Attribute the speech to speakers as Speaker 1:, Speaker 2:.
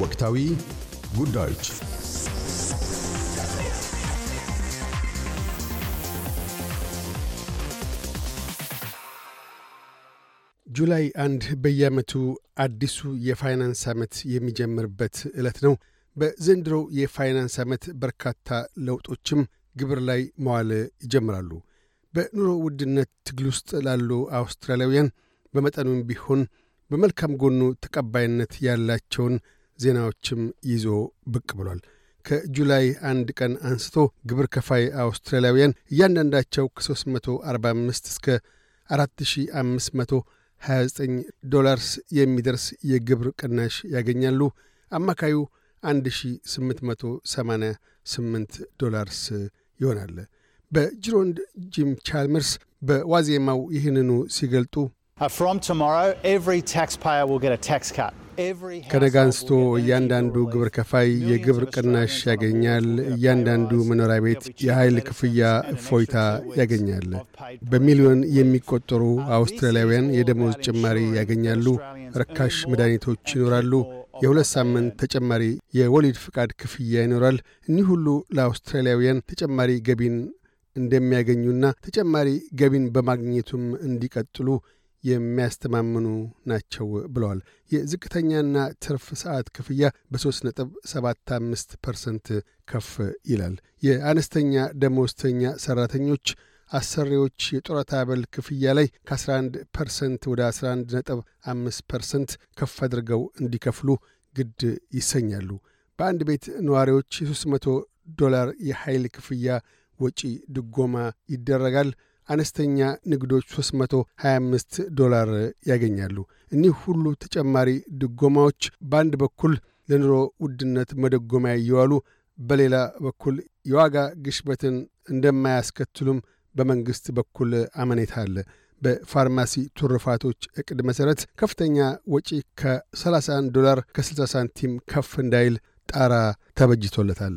Speaker 1: ወቅታዊ ጉዳዮች ጁላይ አንድ በየዓመቱ አዲሱ የፋይናንስ ዓመት የሚጀምርበት ዕለት ነው። በዘንድሮ የፋይናንስ ዓመት በርካታ ለውጦችም ግብር ላይ መዋል ይጀምራሉ። በኑሮ ውድነት ትግል ውስጥ ላሉ አውስትራሊያውያን በመጠኑም ቢሆን በመልካም ጎኑ ተቀባይነት ያላቸውን ዜናዎችም ይዞ ብቅ ብሏል። ከጁላይ አንድ ቀን አንስቶ ግብር ከፋይ አውስትራሊያውያን እያንዳንዳቸው ከ345 እስከ 4529 ዶላርስ የሚደርስ የግብር ቅናሽ ያገኛሉ። አማካዩ 1888 ዶላርስ ይሆናል። በጅሮንድ ጂም ቻልመርስ በዋዜማው ይህንኑ ሲገልጡ uh, From tomorrow, ኤቭሪ ታክስ ፓየር get ጌት ታክስ ካት ከደጋ አንስቶ እያንዳንዱ ግብር ከፋይ የግብር ቅናሽ ያገኛል። እያንዳንዱ መኖሪያ ቤት የኃይል ክፍያ እፎይታ ያገኛል። በሚሊዮን የሚቆጠሩ አውስትራሊያውያን የደሞዝ ጭማሪ ያገኛሉ። ርካሽ መድኃኒቶች ይኖራሉ። የሁለት ሳምንት ተጨማሪ የወሊድ ፍቃድ ክፍያ ይኖራል። እኒህ ሁሉ ለአውስትራሊያውያን ተጨማሪ ገቢን እንደሚያገኙና ተጨማሪ ገቢን በማግኘቱም እንዲቀጥሉ የሚያስተማምኑ ናቸው ብለዋል። የዝቅተኛና ትርፍ ሰዓት ክፍያ በ3.75 ፐርሰንት ከፍ ይላል። የአነስተኛ ደመወዝተኛ ሠራተኞች አሰሪዎች የጡረታ አበል ክፍያ ላይ ከ11 ፐርሰንት ወደ 11.5 ፐርሰንት ከፍ አድርገው እንዲከፍሉ ግድ ይሰኛሉ። በአንድ ቤት ነዋሪዎች የ300 ዶላር የኃይል ክፍያ ወጪ ድጎማ ይደረጋል። አነስተኛ ንግዶች 325 ዶላር ያገኛሉ። እኒህ ሁሉ ተጨማሪ ድጎማዎች በአንድ በኩል ለኑሮ ውድነት መደጎሚያ እየዋሉ በሌላ በኩል የዋጋ ግሽበትን እንደማያስከትሉም በመንግሥት በኩል አመኔታ አለ። በፋርማሲ ቱርፋቶች እቅድ መሠረት ከፍተኛ ወጪ ከ31 ዶላር ከ60 ሳንቲም ከፍ እንዳይል ጣራ ተበጅቶለታል።